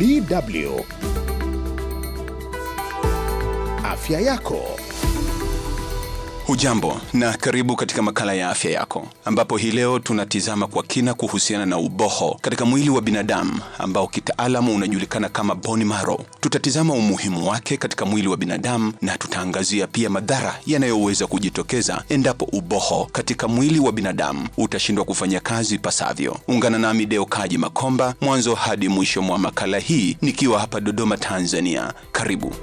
DW Afya Yako ujambo na karibu katika makala ya afya yako, ambapo hii leo tunatizama kwa kina kuhusiana na uboho katika mwili wa binadamu ambao kitaalamu unajulikana kama bone marrow. Tutatizama umuhimu wake katika mwili wa binadamu na tutaangazia pia madhara yanayoweza kujitokeza endapo uboho katika mwili wa binadamu utashindwa kufanya kazi pasavyo. Ungana nami Deo Kaji Makomba mwanzo hadi mwisho mwa makala hii nikiwa hapa Dodoma, Tanzania. Karibu.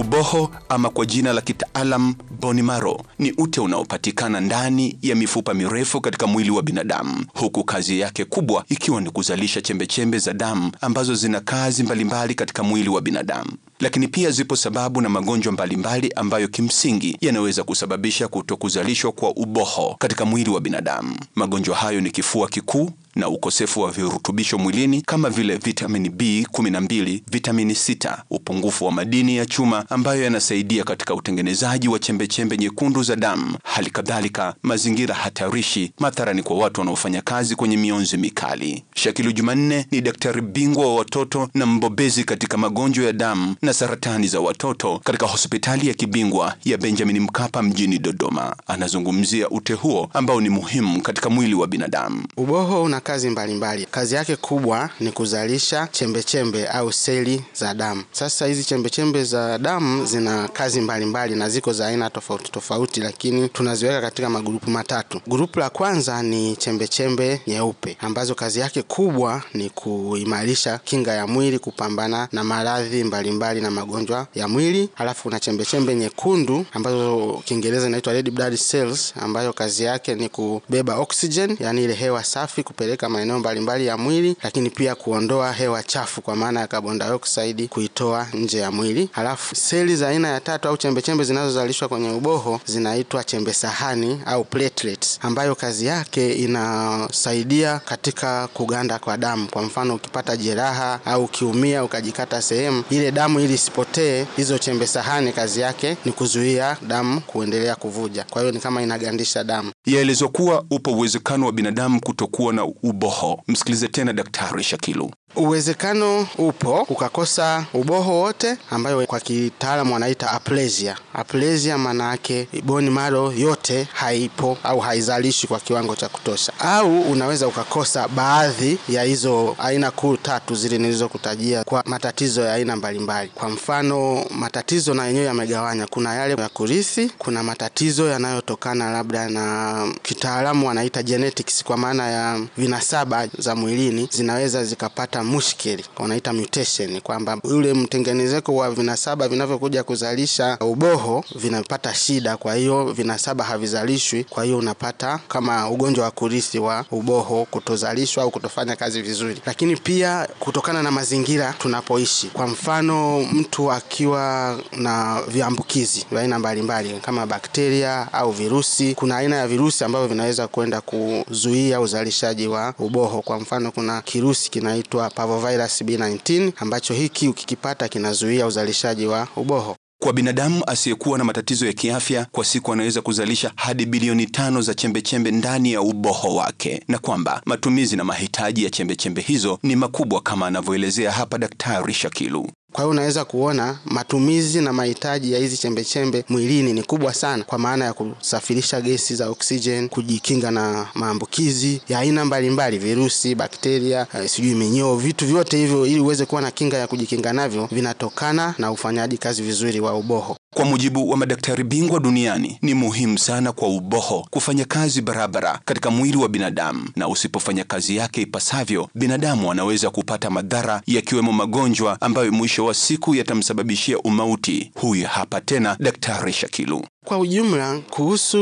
Uboho ama kwa jina la kitaalam bone marrow ni ute unaopatikana ndani ya mifupa mirefu katika mwili wa binadamu, huku kazi yake kubwa ikiwa ni kuzalisha chembechembe za damu ambazo zina kazi mbalimbali katika mwili wa binadamu. Lakini pia zipo sababu na magonjwa mbalimbali ambayo kimsingi yanaweza kusababisha kutokuzalishwa kwa uboho katika mwili wa binadamu. Magonjwa hayo ni kifua kikuu, na ukosefu wa virutubisho mwilini kama vile vitamini B12, vitamini 6, upungufu wa madini ya chuma ambayo yanasaidia katika utengenezaji wa chembechembe nyekundu za damu. Hali kadhalika mazingira hatarishi matharani kwa watu wanaofanya kazi kwenye mionzi mikali. Shakilu Jumanne ni daktari bingwa wa watoto na mbobezi katika magonjwa ya damu na saratani za watoto katika hospitali ya kibingwa ya Benjamin Mkapa mjini Dodoma. Anazungumzia ute huo ambao ni muhimu katika mwili wa binadamu. Uboho una kazi mbalimbali. Kazi yake kubwa ni kuzalisha chembechembe -chembe au seli za damu. Sasa hizi chembechembe za damu zina kazi mbalimbali na ziko za aina tofauti tofauti, lakini tunaziweka katika magurupu matatu. Gurupu la kwanza ni chembechembe nyeupe ambazo kazi yake kubwa ni kuimarisha kinga ya mwili kupambana na maradhi mbalimbali na magonjwa ya mwili. Halafu kuna chembechembe nyekundu ambazo Kiingereza inaitwa red blood cells, ambayo kazi yake ni kubeba oxygen, yani ile hewa safi kupeleka kupeleka maeneo mbalimbali ya mwili, lakini pia kuondoa hewa chafu kwa maana ya carbon dioxide kuitoa nje ya mwili. Halafu seli za aina ya tatu au chembechembe zinazozalishwa kwenye uboho zinaitwa chembe sahani au platelets, ambayo kazi yake inasaidia katika kuganda kwa damu. Kwa mfano, ukipata jeraha au ukiumia ukajikata sehemu, ile damu ili isipotee, hizo chembe sahani kazi yake ni kuzuia damu kuendelea kuvuja. Kwa hiyo ni kama inagandisha damu. Yaelezwa kuwa upo uwezekano wa binadamu kutokuwa na uboho. Msikilize tena Daktari Shakilu. Uwezekano upo ukakosa uboho wote, ambayo kwa kitaalamu wanaita aplesia. Aplesia maana yake boni maro yote haipo au haizalishi kwa kiwango cha kutosha, au unaweza ukakosa baadhi ya hizo aina kuu tatu zile nilizokutajia kwa matatizo ya aina mbalimbali. Kwa mfano, matatizo na yenyewe yamegawanya, kuna yale ya kurithi, kuna matatizo yanayotokana labda na kitaalamu wanaita genetics, kwa maana ya vinasaba za mwilini zinaweza zikapata wanaita mushkili, wanaita mutation, kwamba yule mtengenezeko wa vinasaba vinavyokuja kuzalisha uboho vinapata shida, kwa hiyo vinasaba havizalishwi, kwa hiyo unapata kama ugonjwa wa kurisi wa uboho, kutozalishwa au kutofanya kazi vizuri. Lakini pia kutokana na mazingira tunapoishi, kwa mfano mtu akiwa na viambukizi vya aina mbalimbali kama bakteria au virusi. Kuna aina ya virusi ambavyo vinaweza kwenda kuzuia uzalishaji wa uboho. Kwa mfano, kuna kirusi kinaitwa parvovirus B19 ambacho hiki ukikipata kinazuia uzalishaji wa uboho. Kwa binadamu asiyekuwa na matatizo ya kiafya, kwa siku anaweza kuzalisha hadi bilioni tano za chembechembe ndani ya uboho wake, na kwamba matumizi na mahitaji ya chembechembe hizo ni makubwa kama anavyoelezea hapa Daktari Shakilu. Kwa hiyo unaweza kuona matumizi na mahitaji ya hizi chembechembe mwilini ni kubwa sana, kwa maana ya kusafirisha gesi za oksijeni, kujikinga na maambukizi ya aina mbalimbali, virusi, bakteria, eh, sijui minyoo, vitu vyote hivyo, ili uweze kuwa na kinga ya kujikinga navyo, vinatokana na ufanyaji kazi vizuri wa uboho. Kwa mujibu wa madaktari bingwa duniani, ni muhimu sana kwa uboho kufanya kazi barabara katika mwili wa binadamu, na usipofanya kazi yake ipasavyo, binadamu anaweza kupata madhara yakiwemo magonjwa ambayo mwisho wa siku yatamsababishia umauti. Huyu hapa tena Daktari Shakilu. Kwa ujumla, kuhusu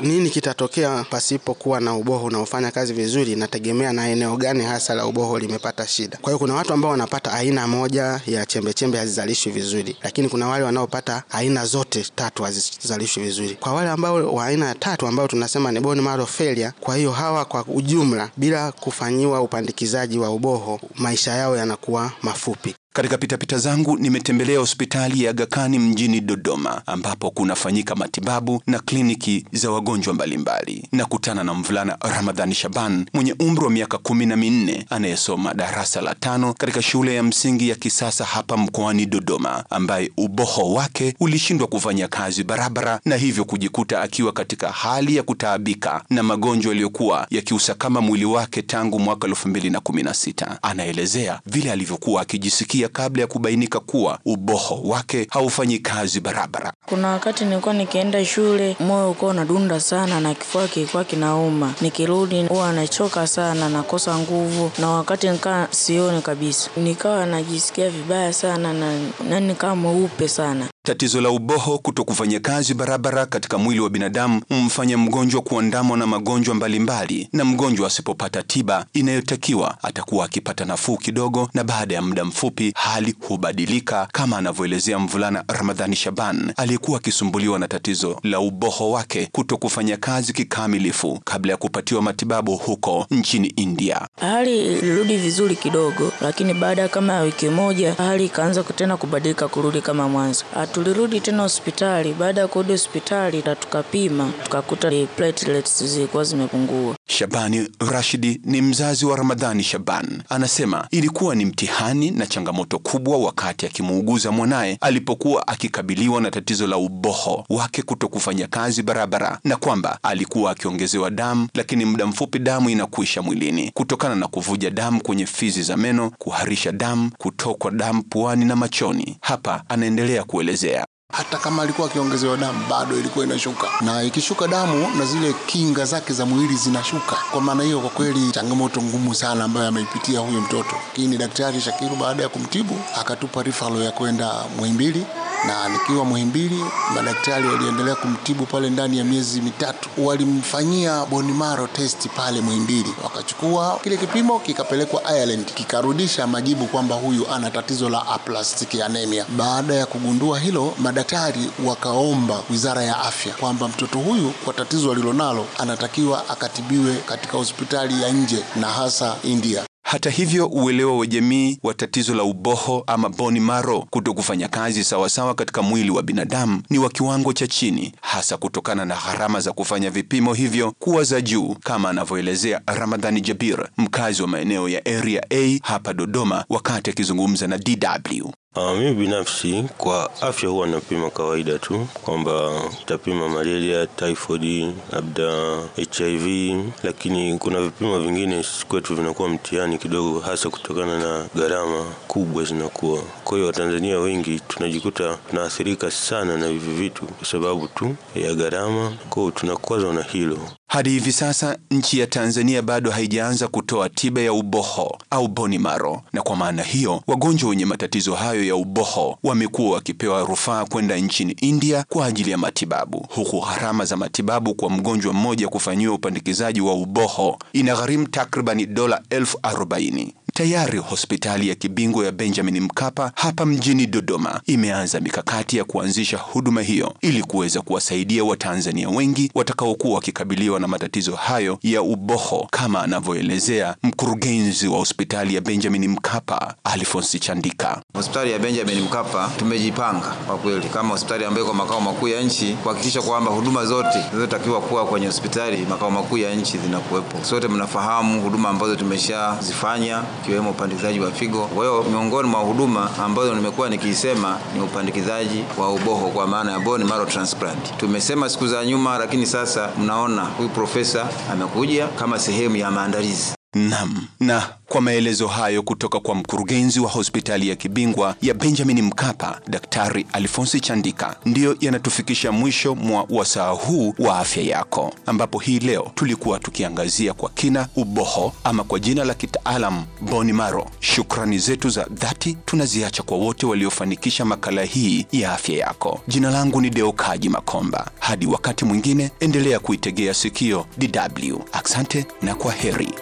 nini kitatokea pasipokuwa na uboho unaofanya kazi vizuri, inategemea na eneo gani hasa la uboho limepata shida. Kwa hiyo kuna watu ambao wanapata aina moja ya chembechembe hazizalishwi vizuri, lakini kuna wale wanaopata aina zote tatu hazizalishwi vizuri. Kwa wale ambao wa aina ya tatu ambao tunasema ni bone marrow failure, kwa hiyo hawa kwa ujumla, bila kufanyiwa upandikizaji wa uboho, maisha yao yanakuwa mafupi. Katika pitapita zangu nimetembelea hospitali ya gakani mjini Dodoma ambapo kunafanyika matibabu na kliniki za wagonjwa mbalimbali. Nakutana na mvulana Ramadhani Shaban mwenye umri wa miaka kumi na minne anayesoma darasa la tano katika shule ya msingi ya kisasa hapa mkoani Dodoma, ambaye uboho wake ulishindwa kufanya kazi barabara na hivyo kujikuta akiwa katika hali ya kutaabika na magonjwa yaliyokuwa yakiusakama mwili wake tangu mwaka 2016. Anaelezea vile alivyokuwa akijisikia kusikia kabla ya kubainika kuwa uboho wake haufanyi kazi barabara. Kuna wakati nilikuwa nikienda shule, moyo ulikuwa unadunda sana na kifua kilikuwa kinauma. Nikirudi huwa anachoka sana, nakosa nguvu, na wakati nikaa sioni kabisa, nikawa najisikia vibaya sana na, na nikaa mweupe sana. Tatizo la uboho kuto kufanya kazi barabara katika mwili wa binadamu humfanya mgonjwa kuandamwa na magonjwa mbalimbali, na mgonjwa asipopata tiba inayotakiwa atakuwa akipata nafuu kidogo, na baada ya muda mfupi hali hubadilika, kama anavyoelezea mvulana Ramadhani Shaban aliyekuwa akisumbuliwa na tatizo la uboho wake kuto kufanya kazi kikamilifu kabla ya kupatiwa matibabu huko nchini India. Hali ilirudi vizuri kidogo, lakini baada kama ya wiki moja hali ikaanza tena kubadilika kurudi kama mwanzo. Tulirudi tena hospitali. Baada ya kurudi hospitali, na tukapima tukakuta platelets zilikuwa zimepungua. Shabani Rashidi ni mzazi wa Ramadhani Shaban, anasema ilikuwa ni mtihani na changamoto kubwa wakati akimuuguza mwanaye alipokuwa akikabiliwa na tatizo la uboho wake kuto kufanya kazi barabara, na kwamba alikuwa akiongezewa damu, lakini muda mfupi damu inakuisha mwilini kutokana na kuvuja damu kwenye fizi za meno, kuharisha damu, kutokwa damu puani na machoni. Hapa anaendelea kueleza kuongezea hata kama alikuwa akiongezewa damu bado ilikuwa inashuka, na ikishuka damu na zile kinga zake za mwili zinashuka. Kwa maana hiyo, kwa kweli changamoto ngumu sana ambayo ameipitia huyu mtoto. Lakini daktari Shakiru baada ya kumtibu akatupa rifalo ya kwenda mwimbili na nikiwa Muhimbili, madaktari waliendelea kumtibu pale ndani ya miezi mitatu. Walimfanyia bone marrow test pale Muhimbili, wakachukua kile kipimo kikapelekwa Ireland, kikarudisha majibu kwamba huyu ana tatizo la aplastic anemia. Baada ya kugundua hilo, madaktari wakaomba Wizara ya Afya kwamba mtoto huyu kwa tatizo alilonalo anatakiwa akatibiwe katika hospitali ya nje na hasa India. Hata hivyo, uelewa wa jamii wa tatizo la uboho ama boni maro kuto kufanya kazi sawasawa sawa katika mwili wa binadamu ni wa kiwango cha chini, hasa kutokana na gharama za kufanya vipimo hivyo kuwa za juu, kama anavyoelezea Ramadhani Jabir, mkazi wa maeneo ya Area A hapa Dodoma, wakati akizungumza na DW. Uh, mimi binafsi kwa afya huwa napima kawaida tu kwamba tapima malaria, typhoid, labda HIV, lakini kuna vipimo vingine kwetu vinakuwa mtihani kidogo, hasa kutokana na gharama kubwa zinakuwa. Kwa hiyo Watanzania wengi tunajikuta tunaathirika sana na hivi vitu kwa sababu tu ya gharama, kwao tunakwazwa na hilo. Hadi hivi sasa nchi ya Tanzania bado haijaanza kutoa tiba ya uboho au boni maro, na kwa maana hiyo wagonjwa wenye matatizo hayo ya uboho wamekuwa wakipewa rufaa kwenda nchini India kwa ajili ya matibabu, huku gharama za matibabu kwa mgonjwa mmoja kufanyiwa upandikizaji wa uboho inagharimu takribani dola elfu arobaini. Tayari hospitali ya kibingwa ya Benjamin Mkapa hapa mjini Dodoma imeanza mikakati ya kuanzisha huduma hiyo ili kuweza kuwasaidia Watanzania wengi watakaokuwa wakikabiliwa na matatizo hayo ya uboho, kama anavyoelezea mkurugenzi wa hospitali ya Benjamin Mkapa Alphonce Chandika. Hospitali ya Benjamin Mkapa tumejipanga kwa kweli kama hospitali ambayo kwa makao makuu ya nchi kuhakikisha kwamba huduma zote zinazotakiwa kuwa kwenye hospitali makao makuu ya nchi zinakuwepo. Sote mnafahamu huduma ambazo tumeshazifanya ikiwemo upandikizaji wa figo. Kwa hiyo miongoni mwa huduma ambazo nimekuwa nikisema ni upandikizaji wa uboho kwa maana ya bone marrow transplant. Tumesema siku za nyuma, lakini sasa mnaona huyu profesa amekuja kama sehemu ya maandalizi nam na kwa maelezo hayo kutoka kwa mkurugenzi wa hospitali ya kibingwa ya Benjamin Mkapa, Daktari Alfonsi Chandika, ndiyo yanatufikisha mwisho mwa wasaa huu wa afya yako, ambapo hii leo tulikuwa tukiangazia kwa kina uboho ama kwa jina la kitaalam bone marrow. Shukrani zetu za dhati tunaziacha kwa wote waliofanikisha makala hii ya afya yako. Jina langu ni Deo Kaji Makomba. Hadi wakati mwingine, endelea kuitegea sikio DW. Asante na kwa heri.